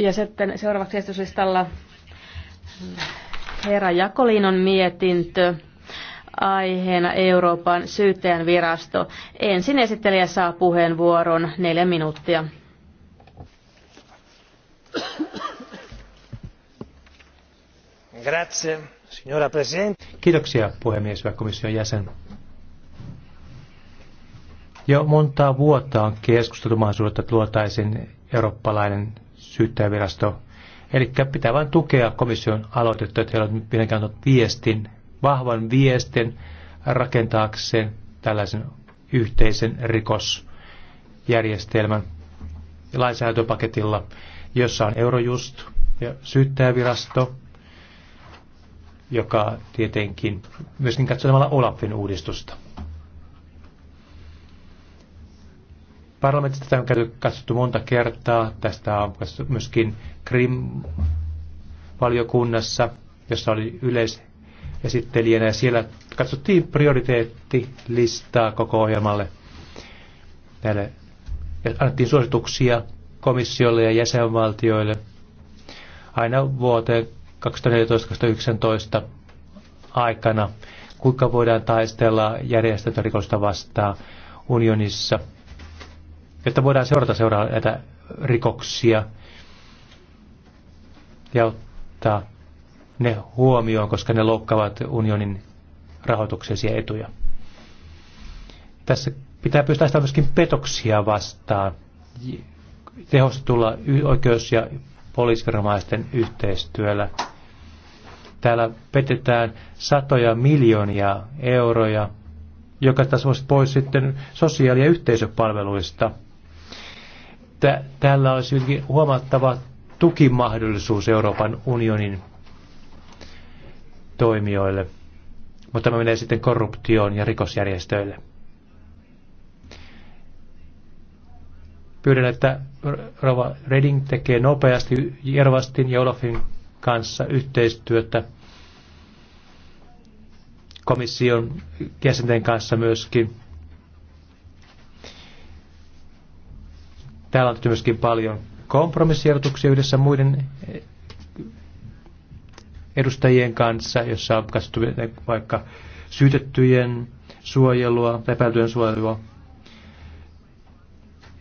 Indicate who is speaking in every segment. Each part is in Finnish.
Speaker 1: Ja sitten seuraavaksi esityslistalla herra Jakoliinon mietintö aiheena Euroopan syyttäjän virasto. Ensin esittelijä saa puheenvuoron neljä minuuttia.
Speaker 2: Grazie, signora Presidente. Kiitoksia puhemies ja komission jäsen. Jo montaa vuotta on keskusteltu mahdollisuudesta, että luotaisiin eurooppalainen syyttäjävirasto. Eli pitää vain tukea komission aloitetta, että heillä on mielenkiintoinen viestin, vahvan viestin rakentaakseen tällaisen yhteisen rikosjärjestelmän lainsäädäntöpaketilla, jossa on Eurojust ja syyttäjävirasto, joka tietenkin myöskin katsomalla Olafin uudistusta. Parlamentista tätä on käyty, katsottu monta kertaa. Tästä on myöskin Krim-valiokunnassa, jossa oli yleisesittelijänä. Ja siellä katsottiin prioriteettilistaa koko ohjelmalle. Näille, ja annettiin suosituksia komissiolle ja jäsenvaltioille aina vuoteen 2014-2019 aikana, kuinka voidaan taistella järjestettä rikosta vastaan unionissa – jotta voidaan seurata seuraa näitä rikoksia ja ottaa ne huomioon, koska ne loukkaavat unionin rahoituksellisia etuja. Tässä pitää pystyä sitä myöskin petoksia vastaan tehostetulla oikeus- ja poliisviranomaisten yhteistyöllä. Täällä petetään satoja miljoonia euroja, joka taas olisi pois sitten sosiaali- ja yhteisöpalveluista – että tällä olisi jotenkin huomattava tukimahdollisuus Euroopan unionin toimijoille, mutta tämä menee sitten korruptioon ja rikosjärjestöille. Pyydän, että Rova Reding tekee nopeasti Jervastin ja Olafin kanssa yhteistyötä komission jäsenten kanssa myöskin Täällä on tehty myöskin paljon kompromissiehdotuksia yhdessä muiden eh, edustajien kanssa, jossa on katsottu vaikka syytettyjen suojelua, epäiltyjen suojelua.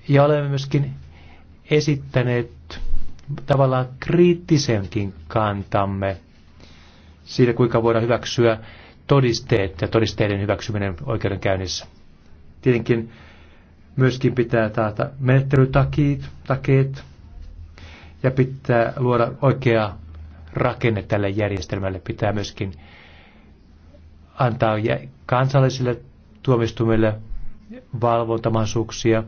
Speaker 2: Ja olemme myöskin esittäneet tavallaan kriittisenkin kantamme siitä, kuinka voidaan hyväksyä todisteet ja todisteiden hyväksyminen oikeudenkäynnissä. Tietenkin Myöskin pitää taata menettelytakeet takeet, ja pitää luoda oikea rakenne tälle järjestelmälle. Pitää myöskin antaa kansallisille tuomistumille valvontamahdollisuuksia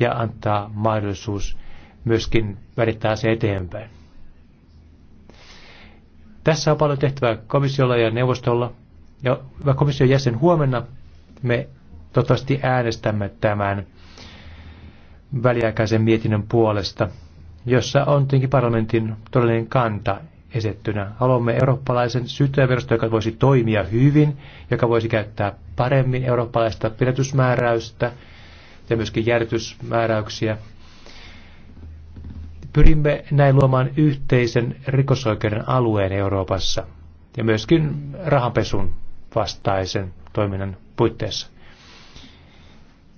Speaker 2: ja antaa mahdollisuus myöskin välittää se eteenpäin. Tässä on paljon tehtävää komissiolla ja neuvostolla. Ja komission jäsen, huomenna me Toivottavasti äänestämme tämän väliaikaisen mietinnön puolesta, jossa on tietenkin parlamentin todellinen kanta esettynä. Haluamme eurooppalaisen syyttäjäveroston, joka voisi toimia hyvin, joka voisi käyttää paremmin eurooppalaista pidätysmääräystä ja myöskin järjestysmääräyksiä. Pyrimme näin luomaan yhteisen rikosoikeuden alueen Euroopassa ja myöskin rahanpesun vastaisen toiminnan puitteissa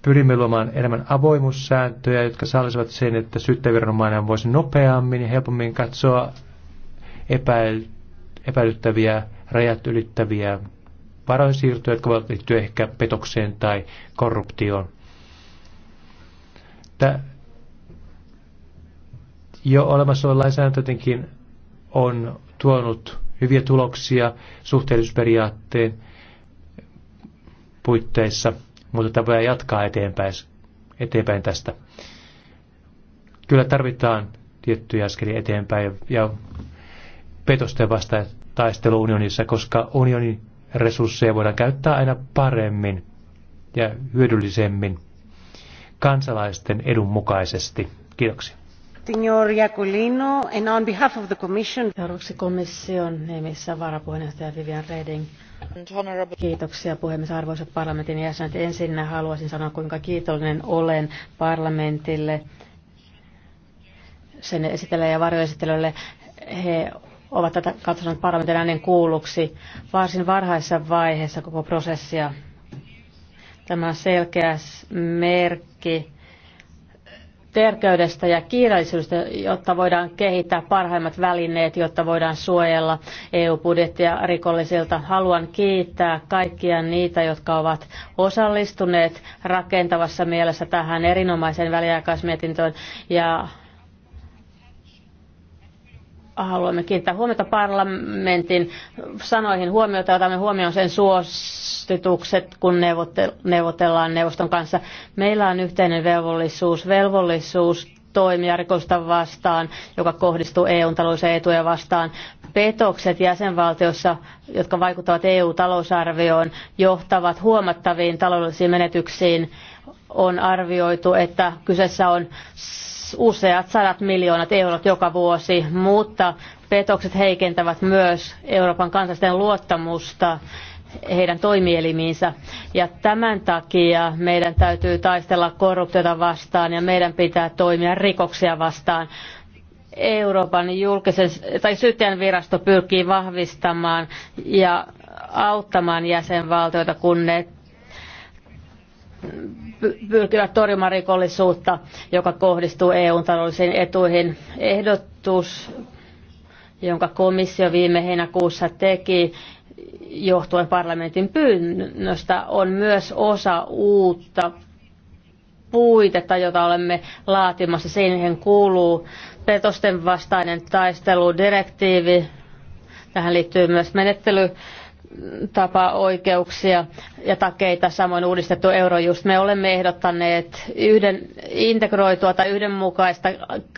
Speaker 2: pyrimme luomaan enemmän avoimuussääntöjä, jotka sallisivat sen, että syyttäjäviranomainen voisi nopeammin ja helpommin katsoa epäil- epäilyttäviä, rajat ylittäviä varoisiirtoja, jotka voivat liittyä ehkä petokseen tai korruptioon. Tää jo olemassa oleva lainsäädäntö jotenkin on tuonut hyviä tuloksia suhteellisuusperiaatteen puitteissa – mutta tämä voidaan jatkaa eteenpäin, eteenpäin tästä. Kyllä tarvitaan tiettyjä askelia eteenpäin ja petosten vasta taistelu unionissa, koska unionin resursseja voidaan käyttää aina paremmin ja hyödyllisemmin kansalaisten edun mukaisesti. Kiitoksia.
Speaker 1: Signor Jacolino, and on behalf of the Commission... Euroopan komission nimissä varapuheenjohtaja Vivian Reding. Kiitoksia puhemies arvoisat parlamentin jäsenet. Ensin haluaisin sanoa, kuinka kiitollinen olen parlamentille, sen esitellä ja varjoesittelylle. He ovat tätä katsoneet parlamentin äänen kuulluksi varsin varhaisessa vaiheessa koko prosessia. Tämä on selkeä merkki terkeydestä ja kiireellisyydestä, jotta voidaan kehittää parhaimmat välineet, jotta voidaan suojella EU-budjettia rikollisilta. Haluan kiittää kaikkia niitä, jotka ovat osallistuneet rakentavassa mielessä tähän erinomaiseen väliaikaismietintöön ja haluamme kiinnittää huomiota parlamentin sanoihin huomiota otamme huomioon sen suositukset, kun neuvotellaan neuvoston kanssa. Meillä on yhteinen velvollisuus, velvollisuus toimia rikosta vastaan, joka kohdistuu EUn taloudellisia etuja vastaan. Petokset jäsenvaltiossa, jotka vaikuttavat EU-talousarvioon, johtavat huomattaviin taloudellisiin menetyksiin. On arvioitu, että kyseessä on useat sadat miljoonat eurot joka vuosi, mutta petokset heikentävät myös Euroopan kansalaisten luottamusta heidän toimielimiinsä. Ja tämän takia meidän täytyy taistella korruptiota vastaan ja meidän pitää toimia rikoksia vastaan. Euroopan julkisen, tai syyttäjän virasto pyrkii vahvistamaan ja auttamaan jäsenvaltioita, kun ne pyrkivät torjumaan rikollisuutta, joka kohdistuu EUn taloudellisiin etuihin. Ehdotus, jonka komissio viime heinäkuussa teki, johtuen parlamentin pyynnöstä, on myös osa uutta puitetta, jota olemme laatimassa. Siihen kuuluu petosten vastainen taisteludirektiivi. Tähän liittyy myös menettely tapaoikeuksia ja takeita, samoin uudistettu eurojust. Me olemme ehdottaneet yhden integroitua tai yhdenmukaista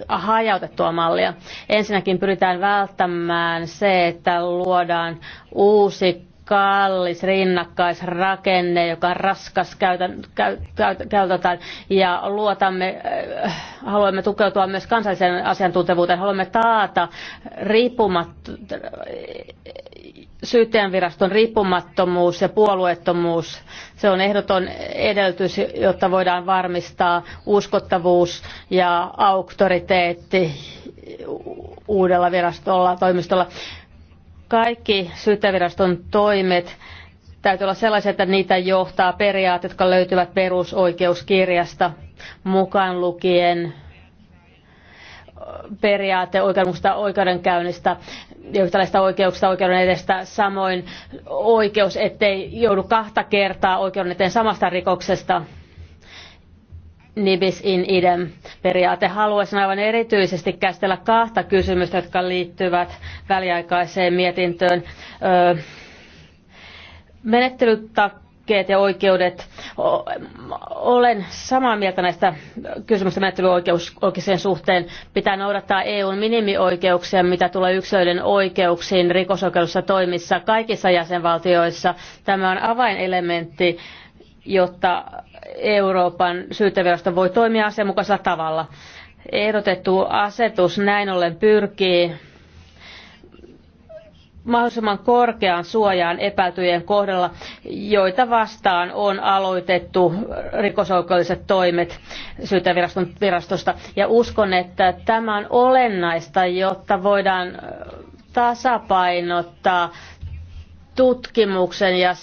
Speaker 1: hajautettua mallia. Ensinnäkin pyritään välttämään se, että luodaan uusi kallis rinnakkaisrakenne, joka on raskas käytetään ja luotamme, äh, haluamme tukeutua myös kansalliseen asiantuntevuuteen, haluamme taata riippumatta syyttäjänviraston riippumattomuus ja puolueettomuus. Se on ehdoton edellytys, jotta voidaan varmistaa uskottavuus ja auktoriteetti uudella virastolla, toimistolla kaikki syyttäviraston toimet täytyy olla sellaisia, että niitä johtaa periaatteet, jotka löytyvät perusoikeuskirjasta mukaan lukien periaate oikeudenmukaisesta oikeudenkäynnistä ja yhtäläistä oikeuksista oikeuden edestä, samoin oikeus, ettei joudu kahta kertaa oikeuden eteen samasta rikoksesta nibis in idem periaate. Haluaisin aivan erityisesti käsitellä kahta kysymystä, jotka liittyvät väliaikaiseen mietintöön. Öö, menettelytakkeet ja oikeudet. Olen samaa mieltä näistä kysymyksistä menettelyoikeuksien suhteen. Pitää noudattaa EUn minimioikeuksia, mitä tulee yksilöiden oikeuksiin rikosoikeudessa toimissa kaikissa jäsenvaltioissa. Tämä on avainelementti jotta Euroopan syyttävirasto voi toimia asianmukaisella tavalla. Ehdotettu asetus näin ollen pyrkii mahdollisimman korkeaan suojaan epäiltyjen kohdalla, joita vastaan on aloitettu rikosoikeudelliset toimet syyttävirastosta. Ja uskon, että tämä on olennaista, jotta voidaan tasapainottaa tutkimuksen ja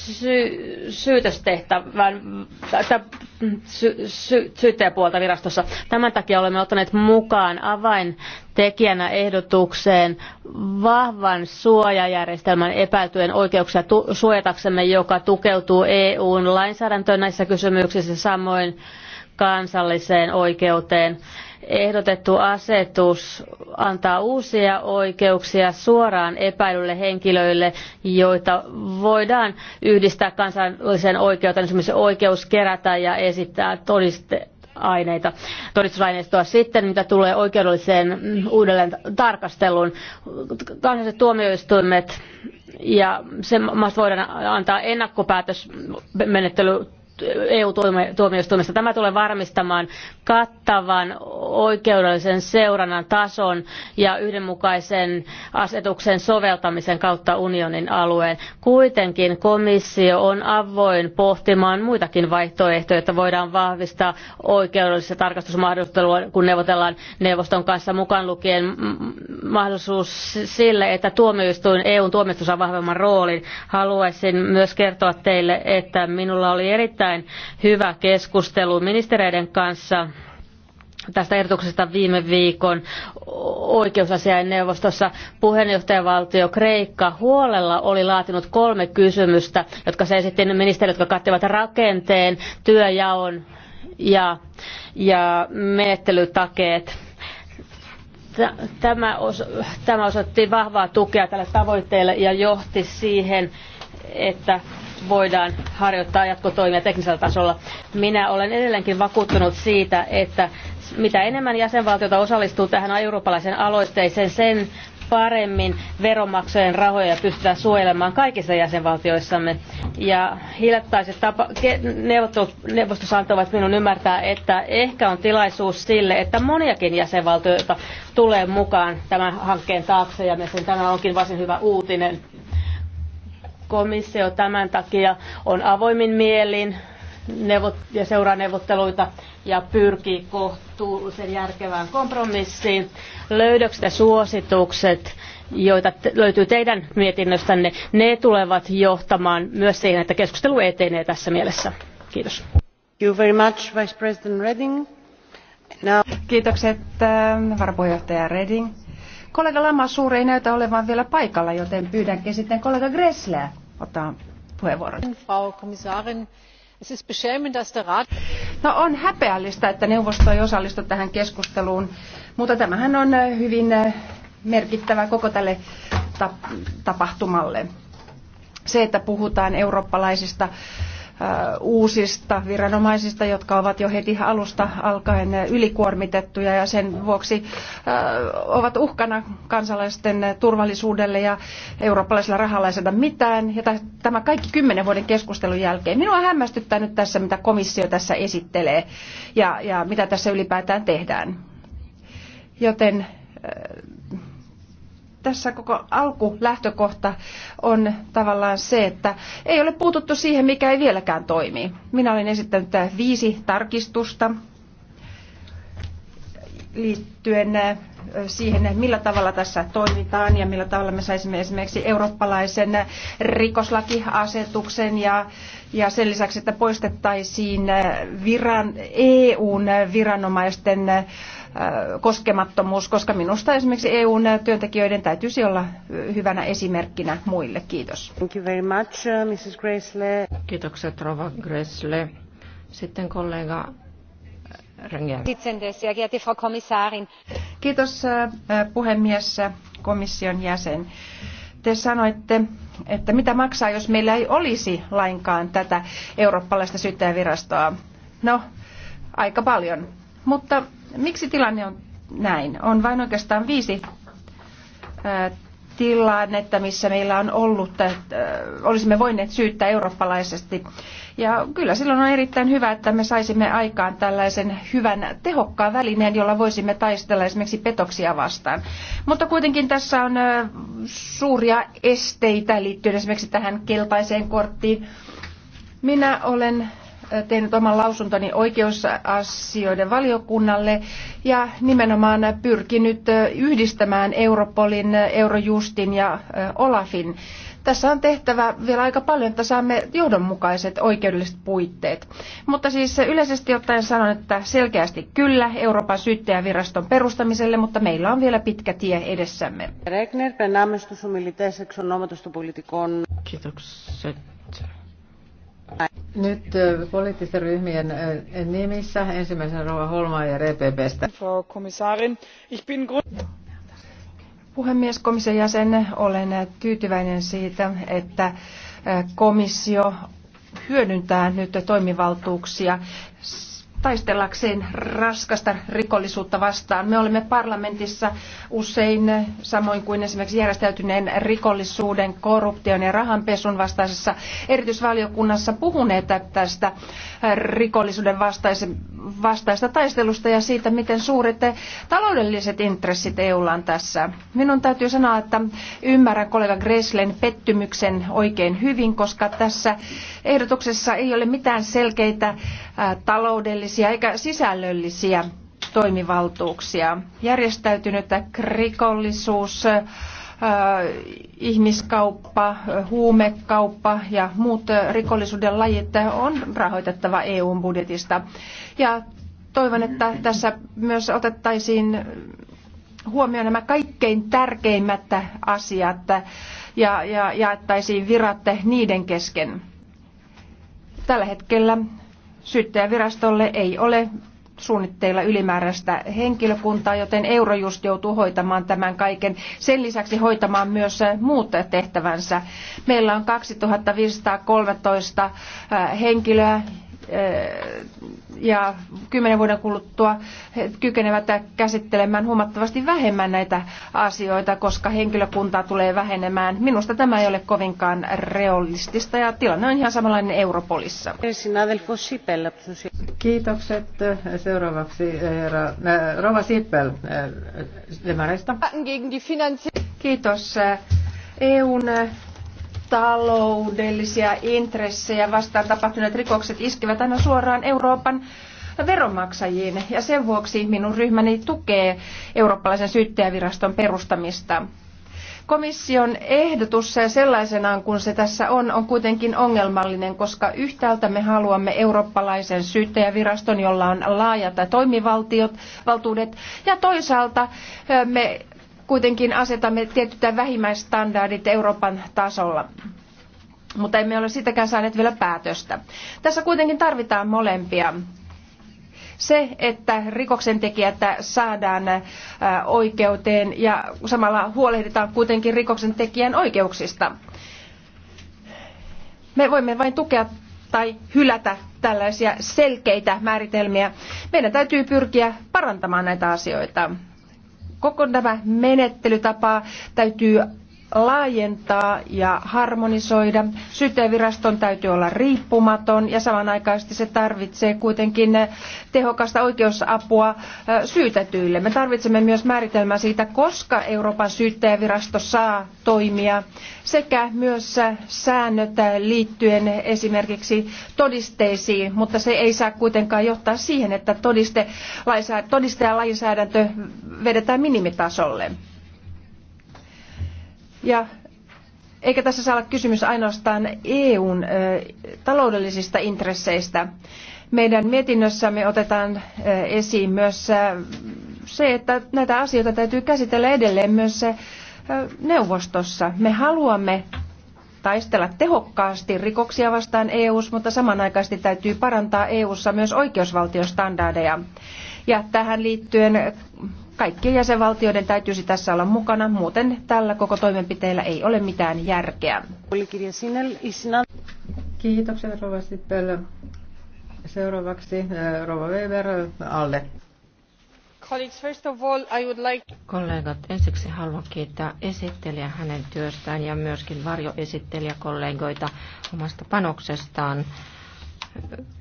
Speaker 1: sy- syytöstehtävän sy- sy- syyttäjäpuolta virastossa. Tämän takia olemme ottaneet mukaan avaintekijänä ehdotukseen vahvan suojajärjestelmän epäiltyjen oikeuksia tu- suojataksemme, joka tukeutuu EUn lainsäädäntöön näissä kysymyksissä samoin kansalliseen oikeuteen ehdotettu asetus antaa uusia oikeuksia suoraan epäilylle henkilöille, joita voidaan yhdistää kansalliseen oikeuteen, esimerkiksi oikeus kerätä ja esittää todiste aineita, todistusaineistoa sitten, mitä tulee oikeudelliseen uudelleen tarkasteluun. Kansalliset tuomioistuimet ja se voidaan antaa ennakkopäätösmenettely EU-tuomioistuimesta. Tämä tulee varmistamaan kattavan oikeudellisen seurannan tason ja yhdenmukaisen asetuksen soveltamisen kautta unionin alueen. Kuitenkin komissio on avoin pohtimaan muitakin vaihtoehtoja, että voidaan vahvistaa oikeudellista tarkastusmahdollisuutta, kun neuvotellaan neuvoston kanssa mukaan lukien mahdollisuus sille, että tuomioistuin, eu tuomioistuin saa vahvemman roolin. Haluaisin myös kertoa teille, että minulla oli erittäin erittäin hyvä keskustelu ministereiden kanssa tästä ehdotuksesta viime viikon oikeusasiain neuvostossa puheenjohtajavaltio Kreikka huolella oli laatinut kolme kysymystä, jotka se esitti ministeriöt, jotka kattivat rakenteen, työjaon ja, ja menettelytakeet tämä, tämä osoitti vahvaa tukea tälle tavoitteelle ja johti siihen, että voidaan harjoittaa jatkotoimia teknisellä tasolla. Minä olen edelleenkin vakuuttunut siitä, että mitä enemmän jäsenvaltiota osallistuu tähän eurooppalaisen aloitteeseen, sen paremmin veronmaksajien rahoja pystytään suojelemaan kaikissa jäsenvaltioissamme. Ja hiljattaiset tapa- neuvottelut neuvostossa antavat minun ymmärtää, että ehkä on tilaisuus sille, että moniakin jäsenvaltioita tulee mukaan tämän hankkeen taakse, ja mielestäni tämä onkin varsin hyvä uutinen. Komissio tämän takia on avoimin mielin ja seuraa neuvotteluita ja pyrkii kohtuullisen järkevään kompromissiin. Löydökset ja suositukset joita löytyy teidän mietinnöstänne, ne tulevat johtamaan myös siihen, että keskustelu etenee tässä mielessä. Kiitos.
Speaker 3: Much, Vice President Reding. Now... Kiitokset ähm, varapuheenjohtaja Reding. Kollega Lamassuur ei näytä olevan vielä paikalla, joten pyydänkin sitten kollega Gressler ottaa puheenvuoron. Frau Kommissarin, No on häpeällistä, että neuvosto ei osallistu tähän keskusteluun, mutta tämähän on äh, hyvin äh, merkittävä koko tälle tapahtumalle. Se, että puhutaan eurooppalaisista uusista viranomaisista, jotka ovat jo heti alusta alkaen ylikuormitettuja ja sen vuoksi ovat uhkana kansalaisten turvallisuudelle ja eurooppalaisella rahalla ei saada mitään. Ja tämä kaikki kymmenen vuoden keskustelun jälkeen. Minua hämmästyttää nyt tässä, mitä komissio tässä esittelee ja, ja mitä tässä ylipäätään tehdään. Joten tässä koko alkulähtökohta on tavallaan se, että ei ole puututtu siihen, mikä ei vieläkään toimi. Minä olen esittänyt viisi tarkistusta liittyen äh, siihen, millä tavalla tässä toimitaan ja millä tavalla me saisimme esimerkiksi eurooppalaisen rikoslakiasetuksen ja, ja sen lisäksi, että poistettaisiin äh, viran, EUn äh, viranomaisten koskemattomuus, koska minusta esimerkiksi EUn työntekijöiden täytyisi olla hyvänä esimerkkinä muille. Kiitos. Thank you very much, uh, Mrs. Gressle. Kiitokset, Rova Gressle. Sitten kollega sehr Kiitos puhemies, komission jäsen. Te sanoitte, että mitä maksaa, jos meillä ei olisi lainkaan tätä eurooppalaista syyttäjävirastoa. No, aika paljon. Mutta Miksi tilanne on näin? On vain oikeastaan viisi tilannetta, missä meillä on ollut, että olisimme voineet syyttää eurooppalaisesti. Ja kyllä silloin on erittäin hyvä, että me saisimme aikaan tällaisen hyvän, tehokkaan välineen, jolla voisimme taistella esimerkiksi petoksia vastaan. Mutta kuitenkin tässä on suuria esteitä liittyen esimerkiksi tähän keltaiseen korttiin. Minä olen tehnyt oman lausuntoni oikeusasioiden valiokunnalle ja nimenomaan pyrkinyt yhdistämään Europolin, Eurojustin ja Olafin. Tässä on tehtävä vielä aika paljon, että saamme johdonmukaiset oikeudelliset puitteet. Mutta siis yleisesti ottaen sanon, että selkeästi kyllä Euroopan syyttäjäviraston perustamiselle, mutta meillä on vielä pitkä tie edessämme.
Speaker 4: Regner, Kiitokset. Nyt poliittisten ryhmien nimissä ensimmäisenä Rova Holmaier EPPstä. Frau Kommissarin, ich bin
Speaker 3: Puhemies, komission jäsen, olen tyytyväinen siitä, että komissio hyödyntää nyt toimivaltuuksia taistellakseen raskasta rikollisuutta vastaan. Me olemme parlamentissa usein, samoin kuin esimerkiksi järjestäytyneen rikollisuuden, korruption ja rahanpesun vastaisessa erityisvaliokunnassa puhuneet tästä rikollisuuden vastaista taistelusta ja siitä, miten suuret taloudelliset intressit EUlla on tässä. Minun täytyy sanoa, että ymmärrän kollega Greslen pettymyksen oikein hyvin, koska tässä ehdotuksessa ei ole mitään selkeitä taloudellisia eikä sisällöllisiä toimivaltuuksia. Järjestäytynyt rikollisuus ihmiskauppa, huumekauppa ja muut rikollisuuden lajit on rahoitettava EUn budjetista. Ja toivon, että tässä myös otettaisiin huomioon nämä kaikkein tärkeimmät asiat ja, ja jaettaisiin virat niiden kesken. Tällä hetkellä syyttäjävirastolle ei ole suunnitteilla ylimääräistä henkilökuntaa, joten Eurojust joutuu hoitamaan tämän kaiken. Sen lisäksi hoitamaan myös äh, muut tehtävänsä. Meillä on 2513 äh, henkilöä, ja kymmenen vuoden kuluttua he kykenevät käsittelemään huomattavasti vähemmän näitä asioita, koska henkilökuntaa tulee vähenemään. Minusta tämä ei ole kovinkaan realistista ja tilanne on ihan samanlainen Europolissa.
Speaker 4: Kiitokset. Seuraavaksi eh, herra, äh, Rova Sippel äh, Demareista.
Speaker 3: Kiitos. EUn taloudellisia intressejä vastaan tapahtuneet rikokset iskevät aina suoraan Euroopan veronmaksajiin ja sen vuoksi minun ryhmäni tukee eurooppalaisen syyttäjäviraston perustamista. Komission ehdotus sellaisenaan kuin se tässä on, on kuitenkin ongelmallinen, koska yhtäältä me haluamme eurooppalaisen syyttäjäviraston, jolla on laajat toimivaltiot, valtuudet, ja toisaalta eh, me kuitenkin asetamme tietyt vähimmäisstandardit Euroopan tasolla mutta emme ole sitäkään saaneet vielä päätöstä. Tässä kuitenkin tarvitaan molempia. Se, että rikoksentekijät saadaan oikeuteen ja samalla huolehditaan kuitenkin rikoksentekijän oikeuksista. Me voimme vain tukea tai hylätä tällaisia selkeitä määritelmiä. Meidän täytyy pyrkiä parantamaan näitä asioita. Koko tämä menettelytapa täytyy laajentaa ja harmonisoida. Syyttäjäviraston täytyy olla riippumaton ja samanaikaisesti se tarvitsee kuitenkin tehokasta oikeusapua syytetyille. Me tarvitsemme myös määritelmää siitä, koska Euroopan syyttäjävirasto saa toimia sekä myös säännöt liittyen esimerkiksi todisteisiin, mutta se ei saa kuitenkaan johtaa siihen, että todiste todistajalainsäädäntö vedetään minimitasolle. Ja eikä tässä saa olla kysymys ainoastaan EUn taloudellisista intresseistä. Meidän mietinnössämme otetaan esiin myös se, että näitä asioita täytyy käsitellä edelleen myös neuvostossa. Me haluamme taistella tehokkaasti rikoksia vastaan EU:ssa, mutta samanaikaisesti täytyy parantaa EU:ssa myös oikeusvaltiostandardeja. Ja tähän liittyen Kaikkien jäsenvaltioiden täytyisi tässä olla mukana, muuten tällä koko toimenpiteellä ei ole mitään järkeä.
Speaker 4: Kiitoksia Rova Sippel. Seuraavaksi äh, Rova Weber alle.
Speaker 5: Kollegat, ensiksi haluan kiittää esittelijä hänen työstään ja myöskin varjoesittelijäkollegoita omasta panoksestaan.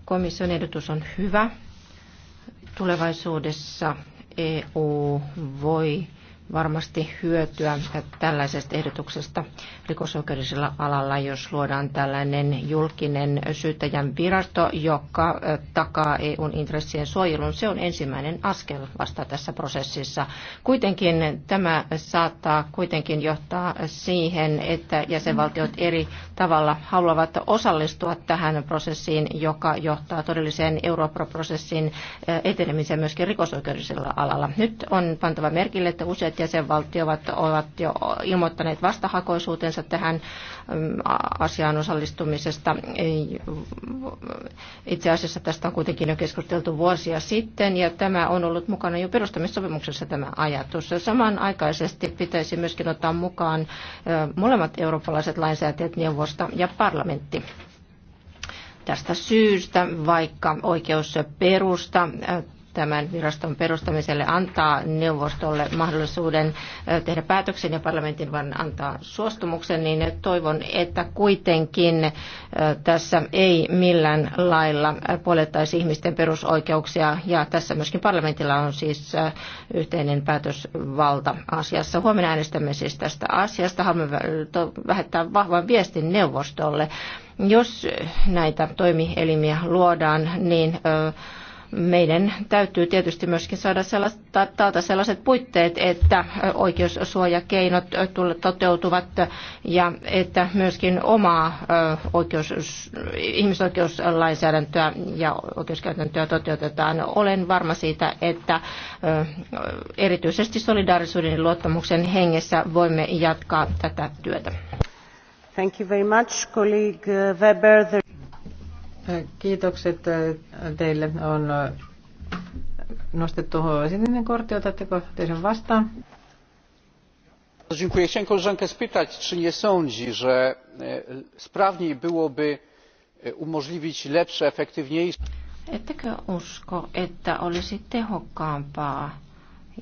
Speaker 5: Komission ehdotus on hyvä. Tulevaisuudessa EU voi varmasti hyötyä tällaisesta ehdotuksesta rikosoikeudellisella alalla, jos luodaan tällainen julkinen syyttäjän virasto, joka takaa EUn intressien suojelun. Se on ensimmäinen askel vasta tässä prosessissa. Kuitenkin tämä saattaa kuitenkin johtaa siihen, että jäsenvaltiot eri tavalla haluavat osallistua tähän prosessiin, joka johtaa todelliseen Eurooppa-prosessin eh, etenemiseen myöskin rikosoikeudellisella alalla. Nyt on pantava merkille, että useat jäsenvaltiot ovat jo ilmoittaneet vastahakoisuutensa tähän mm, asiaan osallistumisesta. Itse asiassa tästä on kuitenkin jo keskusteltu vuosia sitten, ja tämä on ollut mukana jo perustamissopimuksessa tämä ajatus. Samanaikaisesti pitäisi myöskin ottaa mukaan eh, molemmat eurooppalaiset lainsäätäjät neuvostot neuvosto ja parlamentti. Tästä syystä, vaikka oikeusperusta tämän viraston perustamiselle antaa neuvostolle mahdollisuuden tehdä päätöksen ja parlamentin vain antaa suostumuksen, niin toivon, että kuitenkin tässä ei millään lailla poljettaisi ihmisten perusoikeuksia ja tässä myöskin parlamentilla on siis yhteinen päätösvalta asiassa. Huomenna äänestämme siis tästä asiasta. Haluamme vähettää vahvan viestin neuvostolle. Jos näitä toimielimiä luodaan, niin meidän täytyy tietysti myöskin saada sellaista, taata sellaiset puitteet, että oikeussuojakeinot toteutuvat ja että myöskin omaa oikeus, ihmisoikeuslainsäädäntöä ja oikeuskäytäntöä toteutetaan. Olen varma siitä, että erityisesti solidaarisuuden ja luottamuksen hengessä voimme jatkaa tätä työtä.
Speaker 4: Thank you very much, colleague Weber. Kiitokset äh, teille. On äh, nostettu sininen kortti. Otatteko te sen vastaan?
Speaker 2: Dziękuję. Chciałem koleżankę spytać, czy nie sądzi, że e, sprawniej byłoby e, umożliwić lepsze, efektywniejsze...
Speaker 5: Ettekö usko, että olisi tehokkaampaa,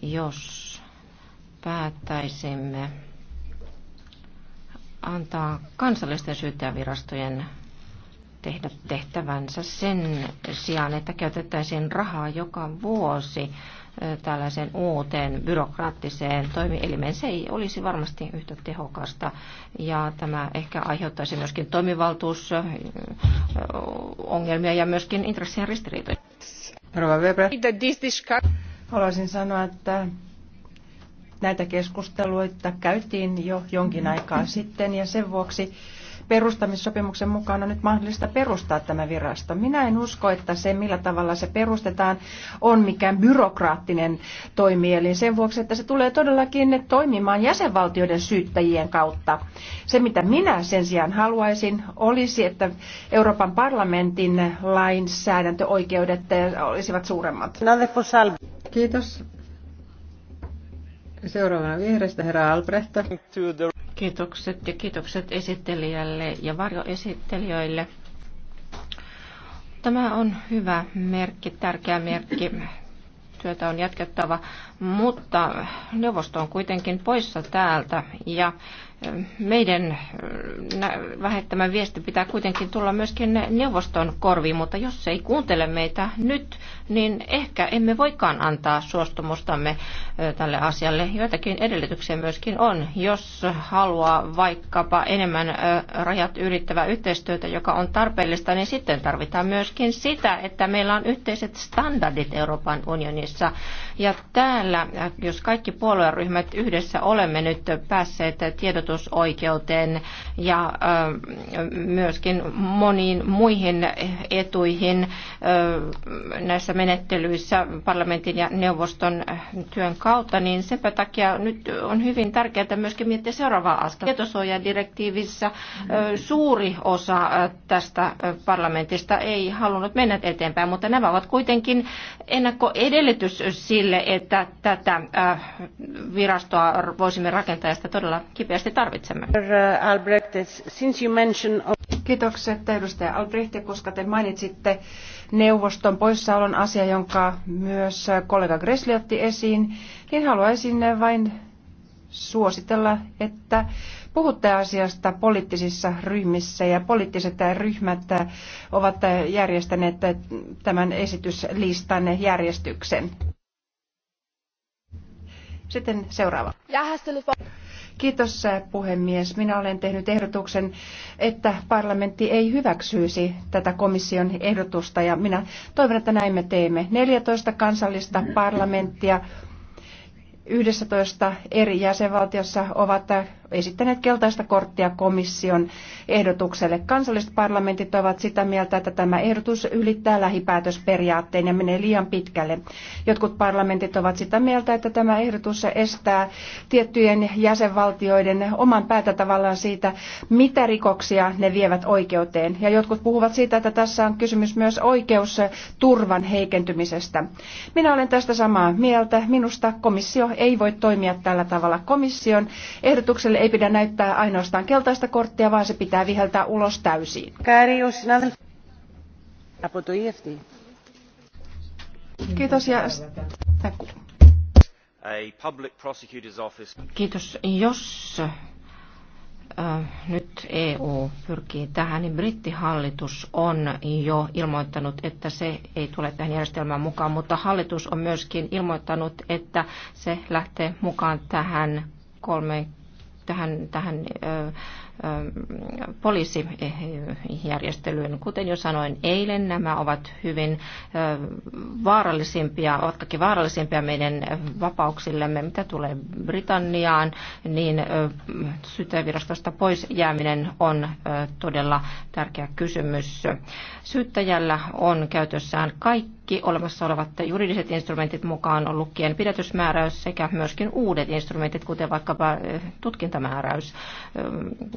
Speaker 5: jos päättäisimme antaa kansallisten syyttäjävirastojen tehdä tehtävänsä sen sijaan, että käytettäisiin rahaa joka vuosi tällaiseen uuteen byrokraattiseen toimielimeen. Se ei olisi varmasti yhtä tehokasta ja tämä ehkä aiheuttaisi myöskin toimivaltuusongelmia ja myöskin intressien ristiriitoja. Haluaisin
Speaker 3: sanoa, että näitä keskusteluita käytiin jo jonkin aikaa sitten ja sen vuoksi perustamissopimuksen mukaan on nyt mahdollista perustaa tämä virasto. Minä en usko, että se millä tavalla se perustetaan on mikään byrokraattinen toimielin sen vuoksi, että se tulee todellakin toimimaan jäsenvaltioiden syyttäjien kautta. Se mitä minä sen sijaan haluaisin olisi, että Euroopan parlamentin lainsäädäntöoikeudet olisivat suuremmat. Kiitos.
Speaker 5: Seuraavana vihreistä herra Albrecht. Kiitokset ja kiitokset esittelijälle ja varjoesittelijöille. Tämä on hyvä merkki, tärkeä merkki. Työtä on jatkettava, mutta neuvosto on kuitenkin poissa täältä ja meidän vähettämä viesti pitää kuitenkin tulla myöskin neuvoston korviin, mutta jos se ei kuuntele meitä nyt, niin ehkä emme voikaan antaa suostumustamme tälle asialle. Joitakin edellytyksiä myöskin on, jos haluaa vaikkapa enemmän rajat ylittävää yhteistyötä, joka on tarpeellista, niin sitten tarvitaan myöskin sitä, että meillä on yhteiset standardit Euroopan unionissa. Ja täällä, jos kaikki puolueryhmät yhdessä olemme nyt päässeet tiedotusoikeuteen ja myöskin moniin muihin etuihin näissä menettelyissä parlamentin ja neuvoston äh, työn kautta, niin senpä takia nyt on hyvin tärkeää myöskin miettiä seuraavaa askelta. Tietosuojadirektiivissä äh, suuri osa äh, tästä parlamentista ei halunnut mennä eteenpäin, mutta nämä ovat kuitenkin ennakkoedellytys sille, että tätä virastoa voisimme rakentaa ja sitä todella kipeästi tarvitsemme. Albrecht, since you mentioned... Kiitokset edustaja Albrecht, koska te
Speaker 3: mainitsitte neuvoston poissaolon asia, jonka myös kollega Gressli otti esiin, niin haluaisin vain suositella, että puhutte asiasta poliittisissa ryhmissä ja poliittiset ryhmät ovat järjestäneet tämän esityslistan järjestyksen. Sitten seuraava. Kiitos eh, puhemies. Minä olen tehnyt ehdotuksen, että parlamentti ei hyväksyisi tätä komission ehdotusta ja minä toivon, että näin me teemme. 14 kansallista parlamenttia 11 eri jäsenvaltiossa ovat eh, esittäneet keltaista korttia komission ehdotukselle. Kansalliset parlamentit ovat sitä mieltä, että tämä ehdotus ylittää lähipäätösperiaatteen ja menee liian pitkälle. Jotkut parlamentit ovat sitä mieltä, että tämä ehdotus estää tiettyjen jäsenvaltioiden oman päätä tavallaan siitä, mitä rikoksia ne vievät oikeuteen. Ja jotkut puhuvat siitä, että tässä on kysymys myös oikeus turvan heikentymisestä. Minä olen tästä samaa mieltä. Minusta komissio ei voi toimia tällä tavalla. Komission ehdotukselle Ihmisille ei pidä näyttää ainoastaan keltaista korttia, vaan se pitää viheltää ulos täysin. E Kiitos ja...
Speaker 4: Kiitos. Jos
Speaker 5: nyt EU pyrkii tähän, niin brittihallitus on jo ilmoittanut, että se ei tule tähän järjestelmään mukaan, mutta hallitus on myöskin ilmoittanut, että se lähtee mukaan tähän kolmen tähän, tähän poliisijärjestelyyn. Kuten jo sanoin eilen, nämä ovat hyvin vaarallisimpia, ovat kaikki vaarallisimpia meidän vapauksillemme. Mitä tulee Britanniaan, niin syyttäjävirastosta pois jääminen on todella tärkeä kysymys. Syyttäjällä on käytössään kaikki olemassa olevat juridiset instrumentit mukaan lukien pidätysmääräys sekä myöskin uudet instrumentit, kuten vaikkapa tutkintamääräys.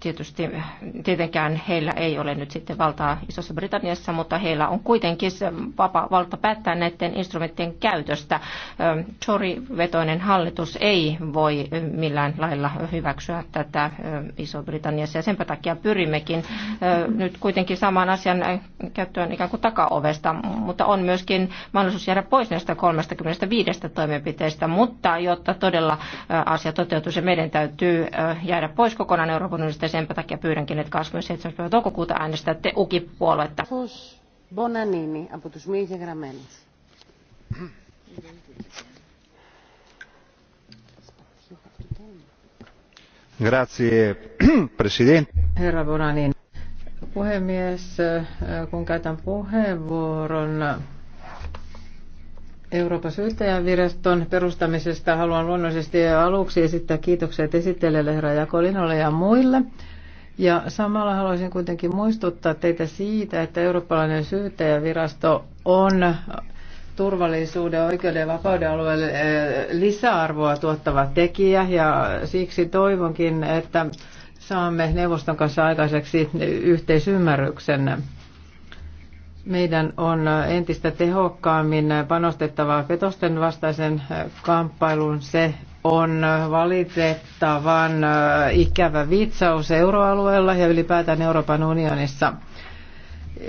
Speaker 5: Tietysti eh, tietenkään heillä ei ole nyt sitten valtaa Isossa Britanniassa, mutta heillä on kuitenkin se vapaa valta päättää näiden instrumenttien käytöstä. Tory-vetoinen ehm, hallitus ei voi eh, millään lailla hyväksyä tätä eh, Iso-Britanniassa ja senpä takia pyrimmekin nyt kuitenkin samaan asian käyttöön ikään kuin takaovesta, mutta on myöskin mahdollisuus jäädä pois näistä 35 toimenpiteistä, mutta jotta todella asia toteutuisi, meidän täytyy jäädä pois kokonaan Euroopan unionista ja senpä takia pyydänkin, että 27. päivä toukokuuta äänestätte
Speaker 1: UKIP-puoluetta. Bonanini, από τους μη
Speaker 2: Grazie, Presidente.
Speaker 4: Herra Bonanin. Puhemies, kun käytän puheenvuoron, Euroopan syyttäjäviraston perustamisesta haluan luonnollisesti aluksi esittää kiitokset esittelijälle herra Jakolinolle ja muille. Ja samalla haluaisin kuitenkin muistuttaa teitä siitä, että eurooppalainen syyttäjävirasto on turvallisuuden, oikeuden ja vapauden alueelle eh, lisäarvoa tuottava tekijä ja siksi toivonkin, että saamme neuvoston kanssa aikaiseksi yhteisymmärryksen meidän on entistä tehokkaammin panostettava petosten vastaisen kamppailuun. Se on valitettavan ikävä vitsaus euroalueella ja ylipäätään Euroopan unionissa.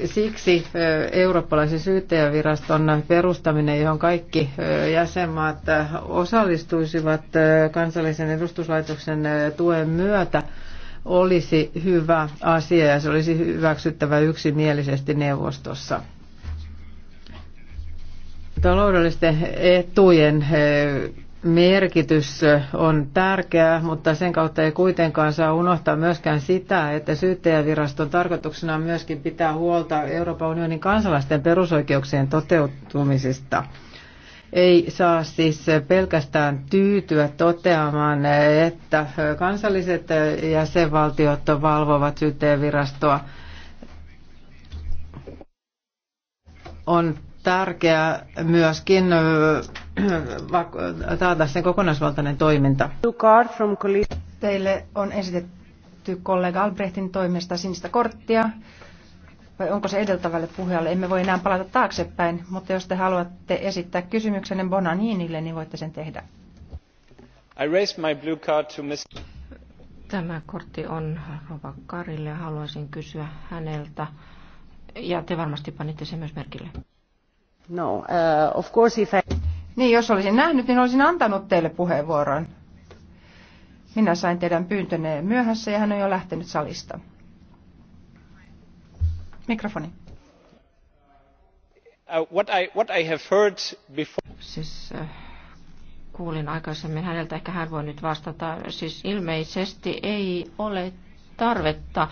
Speaker 4: Siksi eurooppalaisen syyttäjäviraston perustaminen, johon kaikki jäsenmaat osallistuisivat kansallisen edustuslaitoksen tuen myötä, olisi hyvä asia ja se olisi hyväksyttävä yksimielisesti neuvostossa. Taloudellisten etujen eh, merkitys on tärkeää, mutta sen kautta ei kuitenkaan saa unohtaa myöskään sitä, että syyttäjäviraston tarkoituksena on myöskin pitää huolta Euroopan unionin kansalaisten perusoikeuksien toteutumisesta – ei saa siis pelkästään tyytyä toteamaan, että kansalliset jäsenvaltiot valvovat syyteenvirastoa. On tärkeää myöskin äh, taata sen kokonaisvaltainen toiminta.
Speaker 3: Teille on esitetty kollega Albrehtin toimesta sinistä korttia vai onko se edeltävälle puhujalle? Emme voi enää palata taaksepäin, mutta jos te haluatte esittää kysymyksenne Bonaninille, niin voitte sen tehdä.
Speaker 2: I raised my blue card to Mr.
Speaker 5: Tämä kortti on Rova Karille ja haluaisin kysyä häneltä. Ja te varmasti panitte sen myös merkille.
Speaker 3: No, uh, of course if I... Niin, jos olisin nähnyt, niin olisin antanut teille puheenvuoron. Minä sain teidän pyyntönne myöhässä ja hän on jo lähtenyt salista.
Speaker 2: Uh,
Speaker 5: siis, uh, kuulin aikaisemmin häneltä, ehkä hän voi nyt vastata. Siis ilmeisesti ei ole tarvetta uh,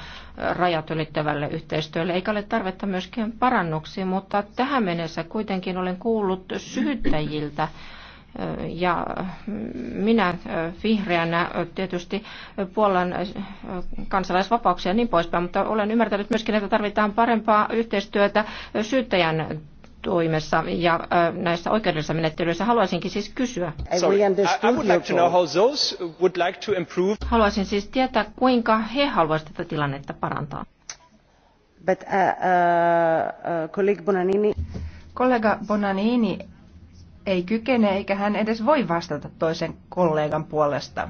Speaker 5: rajat ylittävälle yhteistyölle, eikä ole tarvetta myöskään parannuksiin, mutta tähän mennessä kuitenkin olen kuullut syyttäjiltä ja minä vihreänä tietysti puolan kansalaisvapauksia ja niin poispäin, mutta olen ymmärtänyt myöskin, että tarvitaan parempaa yhteistyötä syyttäjän toimessa ja näissä oikeudellisissa menettelyissä. Haluaisinkin siis kysyä. Haluaisin siis tietää, kuinka he haluaisivat tätä tilannetta parantaa. But,
Speaker 3: uh, uh, uh Bonanini. Kollega Bonanini ei kykene eikä hän edes voi vastata toisen kollegan puolesta.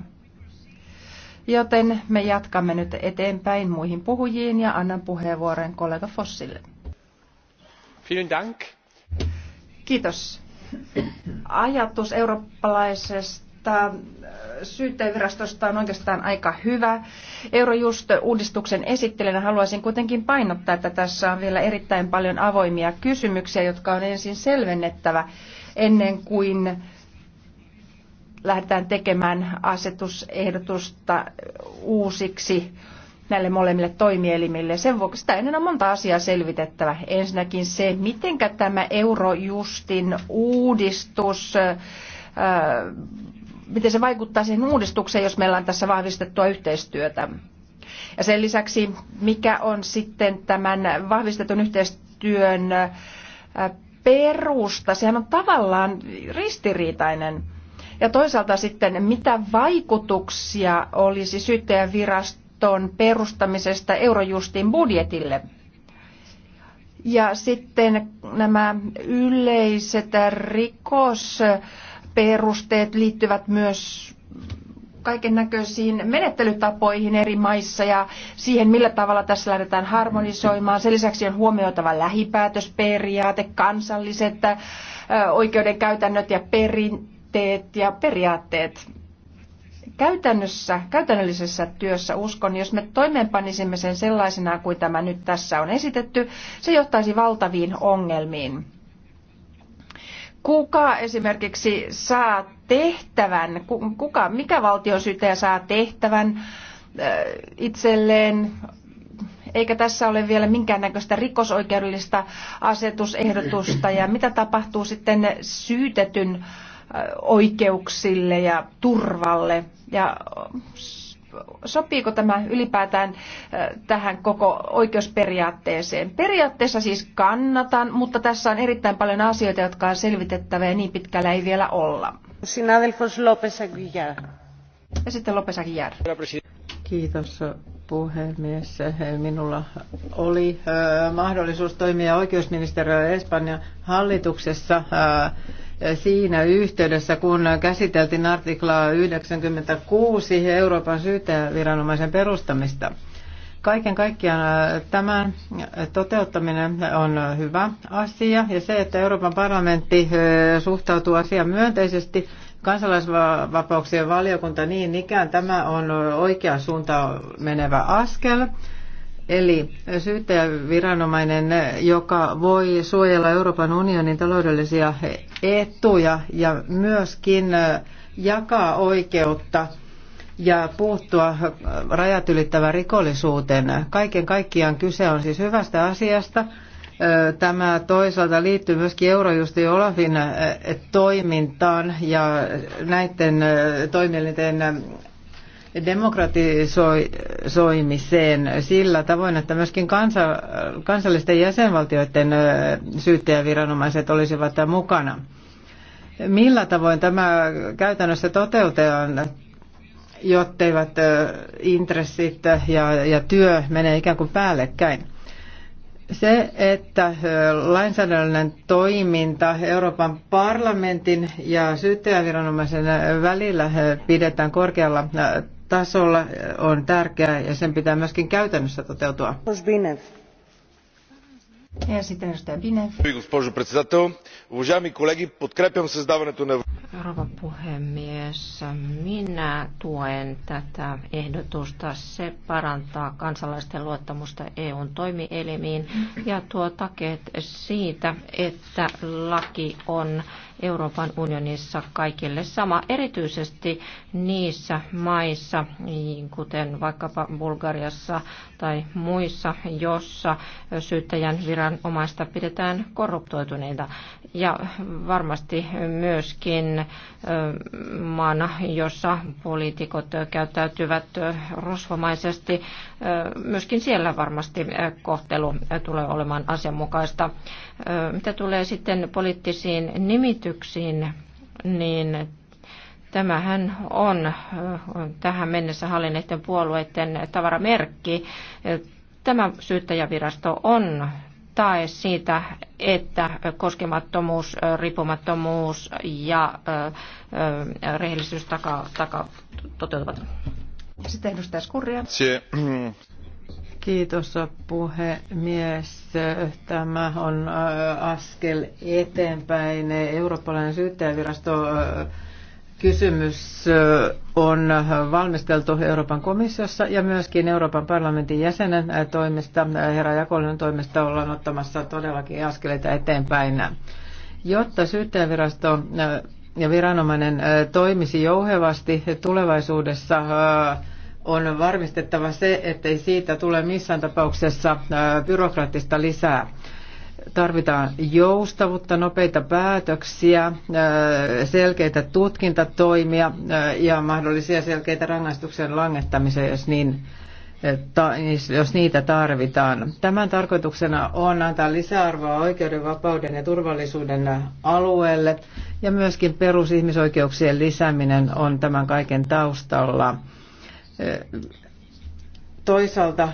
Speaker 3: Joten me jatkamme nyt eteenpäin muihin puhujiin ja annan puheenvuoron kollega Fossille. Vielen dank. Kiitos. Ajatus eurooppalaisesta oikeastaan äh, syyttäjävirastosta on oikeastaan aika hyvä. Eurojust-uudistuksen esittelijänä haluaisin kuitenkin painottaa, että tässä on vielä erittäin paljon avoimia kysymyksiä, jotka on ensin selvennettävä ennen kuin lähdetään tekemään asetusehdotusta uusiksi näille molemmille toimielimille. Sen vuoksi sitä ennen on monta asiaa selvitettävä. Ensinnäkin se, miten tämä Eurojustin uudistus äh, miten se vaikuttaa siihen uudistukseen, jos meillä on tässä vahvistettua yhteistyötä. Ja sen lisäksi, mikä on sitten tämän vahvistetun yhteistyön perusta, sehän on tavallaan ristiriitainen. Ja toisaalta sitten, mitä vaikutuksia olisi syyttäjäviraston perustamisesta Eurojustin budjetille? Ja sitten nämä yleiset rikos perusteet liittyvät myös kaiken näköisiin menettelytapoihin eri maissa ja siihen, millä tavalla tässä lähdetään harmonisoimaan. Sen lisäksi on huomioitava lähipäätösperiaate, kansalliset oikeudenkäytännöt ja perinteet ja periaatteet. Käytännössä, käytännöllisessä työssä uskon, jos me toimeenpanisimme sen sellaisena kuin tämä nyt tässä on esitetty, se johtaisi valtaviin ongelmiin kuka esimerkiksi saa tehtävän, kuka, mikä valtionsyyttäjä saa tehtävän äh, itselleen, eikä tässä ole vielä minkäännäköistä rikosoikeudellista asetusehdotusta ja mitä tapahtuu sitten syytetyn äh, oikeuksille ja turvalle ja sopiiko tämä ylipäätään äh, tähän koko oikeusperiaatteeseen? Periaatteessa siis kannatan, mutta tässä on erittäin paljon asioita, jotka on selvitettävä ja niin pitkällä ei vielä olla. Sinadelfos López Aguilar. Ja sitten López Aguilar.
Speaker 4: Kiitos puhemies. Minulla oli äh, mahdollisuus toimia oikeusministeriön Espanjan hallituksessa äh, siinä yhteydessä, kun käsiteltiin artiklaa 96 Euroopan syyteviranomaisen perustamista. Kaiken kaikkiaan äh, tämän toteuttaminen on hyvä asia ja se, että Euroopan parlamentti äh, suhtautuu asiaan myönteisesti, kansalaisvapauksien valiokunta niin ikään, tämä on oikea suuntaan menevä askel. Eli syyttäjäviranomainen, joka voi suojella Euroopan unionin taloudellisia etuja ja myöskin jakaa oikeutta ja puuttua rajat ylittävän rikollisuuteen. Kaiken kaikkiaan kyse on siis hyvästä asiasta. Tämä toisaalta liittyy myöskin Eurojusti Olafin toimintaan ja näiden toimielinten demokratisoimiseen sillä tavoin, että myöskin kansa, kansallisten jäsenvaltioiden syyttäjäviranomaiset olisivat mukana. Millä tavoin tämä käytännössä toteutetaan, jotteivät intressit ja, ja työ mene ikään kuin päällekkäin? Se, että lainsäädännöllinen toiminta Euroopan parlamentin ja syyttäjäviranomaisen välillä pidetään korkealla tasolla on tärkeää ja sen pitää myöskin käytännössä toteutua.
Speaker 1: Ja
Speaker 5: sitten edustaja Binev. Госпожо puhemies, minä tuen tätä ehdotusta. Se parantaa kansalaisten luottamusta EUn toimielimiin ja tuo takeet siitä, että laki on äh, Euroopan unionissa kaikille sama, erityisesti niissä maissa, niin kuten vaikkapa Bulgariassa tai muissa, jossa syyttäjän viranomaista pidetään korruptoituneita. Ja varmasti myöskin maana, jossa poliitikot käyttäytyvät rosvomaisesti. Myöskin siellä varmasti kohtelu tulee olemaan asianmukaista. Mitä tulee sitten poliittisiin nimityksiin, niin tämähän on tähän mennessä hallinneiden puolueiden tavaramerkki. Tämä syyttäjävirasto on tae siitä, että koskemattomuus, riippumattomuus ja rehellisyys takaa taka toteutuvat.
Speaker 3: Sitten edustaja Skurria.
Speaker 5: Kiitos puhemies.
Speaker 4: Tämä on askel eteenpäin. Eurooppalainen syyttäjävirasto Kysymys on valmisteltu Euroopan komissiossa ja myöskin Euroopan parlamentin jäsenen toimesta, herra Jakolinen toimesta ollaan ottamassa todellakin askeleita eteenpäin. Jotta syyttäjävirasto ja viranomainen toimisi jouhevasti tulevaisuudessa, on varmistettava se, ettei siitä tule missään tapauksessa byrokraattista lisää. Tarvitaan joustavuutta, nopeita päätöksiä, äh, selkeitä tutkintatoimia äh, ja mahdollisia selkeitä rangaistuksen langettamisia, jos niin äh, jos niitä tarvitaan. Tämän tarkoituksena on antaa lisäarvoa oikeuden, vapauden ja turvallisuuden alueelle ja myöskin perusihmisoikeuksien lisääminen on tämän kaiken taustalla. Toisaalta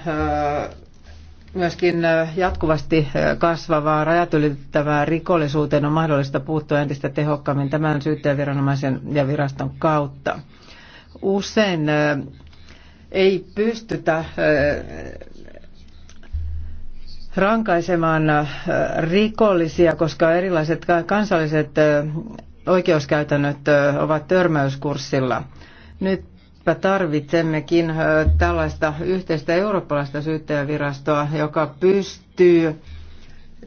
Speaker 4: Myöskin jatkuvasti kasvavaa rajat ylittävää rikollisuuteen on mahdollista puuttua entistä tehokkaammin tämän syyttäjäviranomaisen ja viraston kautta. Usein ei pystytä rankaisemaan rikollisia, koska erilaiset kansalliset oikeuskäytännöt ovat törmäyskurssilla. Nyt Niinpä tarvitsemmekin tällaista yhteistä eurooppalaista syyttäjävirastoa, joka pystyy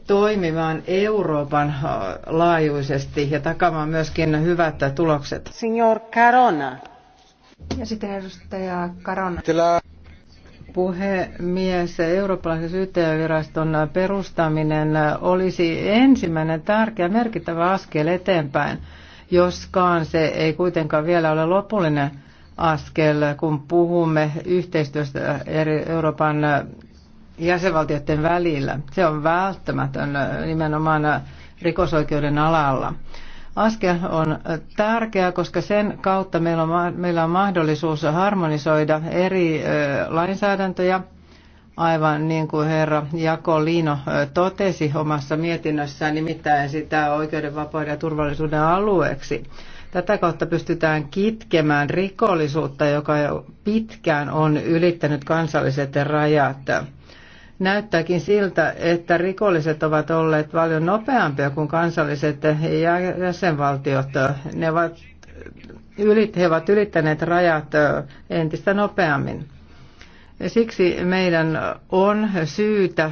Speaker 4: toimimaan Euroopan laajuisesti ja takamaan myöskin hyvät tulokset. Signor Carona.
Speaker 3: Ja sitten edustaja
Speaker 4: Carona. Tila. Puhemies, Eurooppalaisen syyttäjäviraston perustaminen olisi ensimmäinen tärkeä merkittävä askel eteenpäin, joskaan se ei kuitenkaan vielä ole lopullinen askel, kun puhumme yhteistyöstä eri Euroopan jäsenvaltioiden välillä. Se on välttämätön nimenomaan rikosoikeuden alalla. Askel on tärkeä, koska sen kautta meillä on, meillä on mahdollisuus harmonisoida eri lainsäädäntöjä, aivan niin kuin herra Jako Liino totesi omassa mietinnössään, nimittäin sitä oikeudenvapauden ja turvallisuuden alueeksi. Tätä kautta pystytään kitkemään rikollisuutta, joka jo pitkään on ylittänyt kansalliset rajat. Näyttääkin siltä, että rikolliset ovat olleet paljon nopeampia kuin kansalliset jäsenvaltiot. Ne ovat, he ovat ylittäneet rajat entistä nopeammin. Siksi meidän on syytä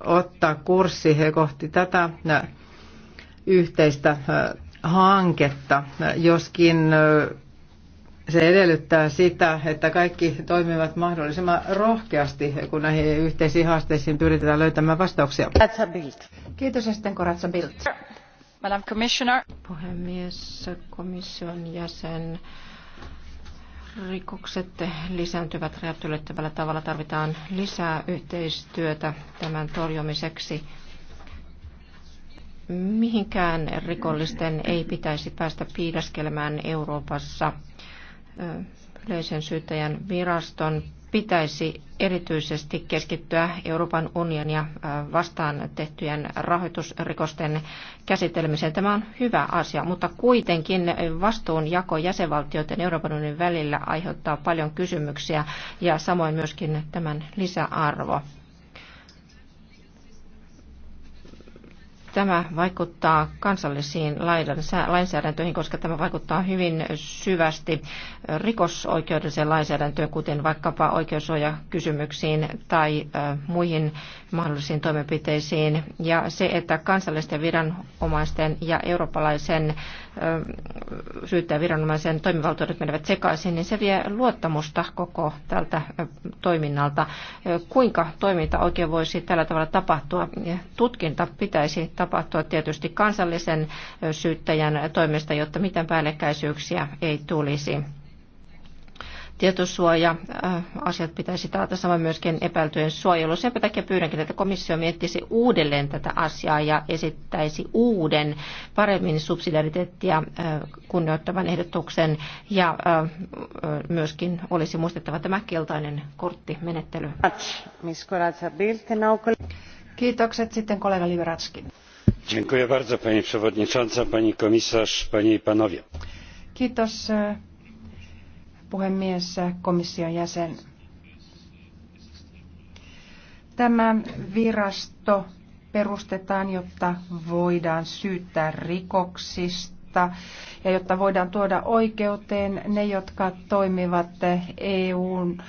Speaker 4: ottaa kurssi kohti tätä yhteistä hanketta, joskin se edellyttää sitä, että kaikki toimivat mahdollisimman rohkeasti, kun näihin yhteisiin haasteisiin pyritään löytämään vastauksia.
Speaker 3: Kiitos ja sitten Koratsa Bild. Madam Commissioner. Puhemies,
Speaker 5: komission jäsen. Rikokset lisääntyvät rajat tavalla. Tarvitaan lisää yhteistyötä tämän torjumiseksi. Mihinkään rikollisten ei pitäisi päästä piileskelemään Euroopassa. Yleisen syyttäjän viraston pitäisi erityisesti keskittyä Euroopan unionia vastaan tehtyjen rahoitusrikosten käsittelemiseen. Tämä on hyvä asia, mutta kuitenkin vastuunjako jäsenvaltioiden Euroopan unionin välillä aiheuttaa paljon kysymyksiä ja samoin myöskin tämän lisäarvo. tämä vaikuttaa kansallisiin lainsäädäntöihin, koska tämä vaikuttaa hyvin syvästi rikosoikeudelliseen lainsäädäntöön, kuten vaikkapa oikeusuojakysymyksiin tai muihin mahdollisiin toimenpiteisiin. Ja se, että kansallisten viranomaisten ja eurooppalaisen syyttäjäviranomaisen toimivaltuudet menevät sekaisin, niin se vie luottamusta koko tältä toiminnalta. Kuinka toiminta oikein voisi tällä tavalla tapahtua? Tutkinta pitäisi tapahtua tietysti kansallisen syyttäjän toimesta, jotta mitään päällekkäisyyksiä ei tulisi tietosuoja-asiat pitäisi taata, samoin myöskin epäiltyjen suojelu. Sen takia pyydänkin, että komissio miettisi uudelleen tätä asiaa ja esittäisi uuden, paremmin subsidiariteettia kunnioittavan ehdotuksen. Ja myöskin olisi muistettava tämä keltainen korttimenettely. Kiitokset sitten kollega Liberatskin
Speaker 2: pani przewodnicząca pani komisarz panie i
Speaker 3: panowie! kiitos puhemies komission jäsen tämä virasto perustetaan jotta voidaan syyttää rikoksista ja jotta voidaan tuoda oikeuteen ne jotka toimivat eun